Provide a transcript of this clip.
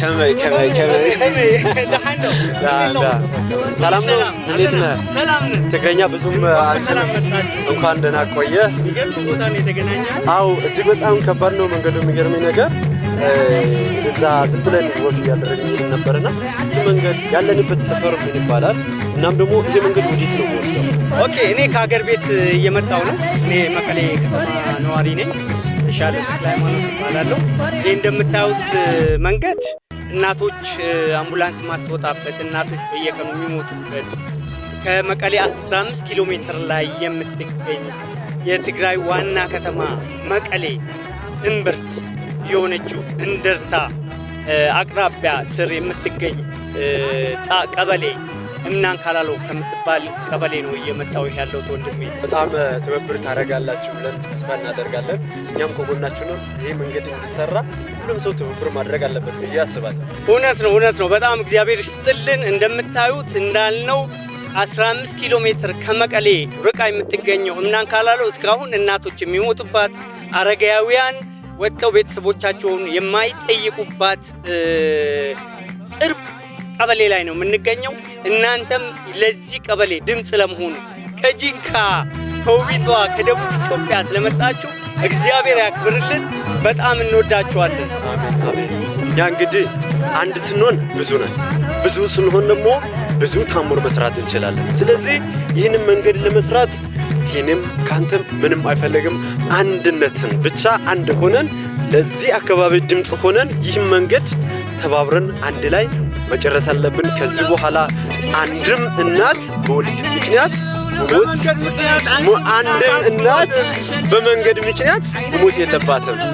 ከመይ ሰላም ነው። እንዴት ነህ? ትግረኛ ብዙም እንኳን ደህና ቆየህ። አዎ እጅግ በጣም ከባድ ነው መንገዱ። የሚገርመኝ ነገር እዛ ዝም ብለን ወግ እያደረግን ሄድ ነበርና ይህ መንገድ ያለንበት ሰፈር ምን ይባላል? እናም ደግሞ ይህ መንገድ ወዴት ነው ኦኬ እኔ ከሀገር ቤት እየመጣሁ ነው። እኔ መቀሌ ከተማ ነዋሪ ነኝ። ተሻለ ተክለሃይማኖት ይህ እንደምታዩት መንገድ እናቶች አምቡላንስ ማትወጣበት እናቶች በየቀኑ የሚሞቱበት ከመቀሌ 15 ኪሎ ሜትር ላይ የምትገኝ የትግራይ ዋና ከተማ መቀሌ እምብርት የሆነችው እንደርታ አቅራቢያ ስር የምትገኝ ቀበሌ እናን ካላሎ ከምትባል ቀበሌ ነው እየመጣው ያለው። ወንድሜ። በጣም ትብብር ታደርጋላችሁ ብለን ተስፋ እናደርጋለን። እኛም ከጎናችሁ ነው። ይህ መንገድ እንዲሰራ ሁሉም ሰው ትብብር ማድረግ አለበት ብዬ አስባለሁ። እውነት ነው፣ እውነት ነው። በጣም እግዚአብሔር ይስጥልን። እንደምታዩት እንዳልነው 15 ኪሎ ሜትር ከመቀሌ ርቃ የምትገኘው እናን ካላሎ እስካሁን እናቶች የሚሞቱባት አረጋውያን ወጥተው ቤተሰቦቻቸውን የማይጠይቁባት ቀበሌ ላይ ነው የምንገኘው። እናንተም ለዚህ ቀበሌ ድምፅ ለመሆኑ ከጂንካ ከውቢቷ ከደቡብ ኢትዮጵያ ስለመጣችሁ እግዚአብሔር ያክብርልን። በጣም እንወዳችኋለን። እኛ እንግዲህ አንድ ስንሆን ብዙ ነን። ብዙ ስንሆን ደግሞ ብዙ ታምር መስራት እንችላለን። ስለዚህ ይህንን መንገድ ለመስራት ይህንም ከአንተም ምንም አይፈለግም። አንድነትን ብቻ አንድ ሆነን ለዚህ አካባቢ ድምፅ ሆነን ይህም መንገድ ተባብረን አንድ ላይ መጨረስ አለብን። ከዚህ በኋላ አንድም እናት በወሊድ ምክንያት ሞት አንድም እናት በመንገድ ምክንያት ሞት የለባትም።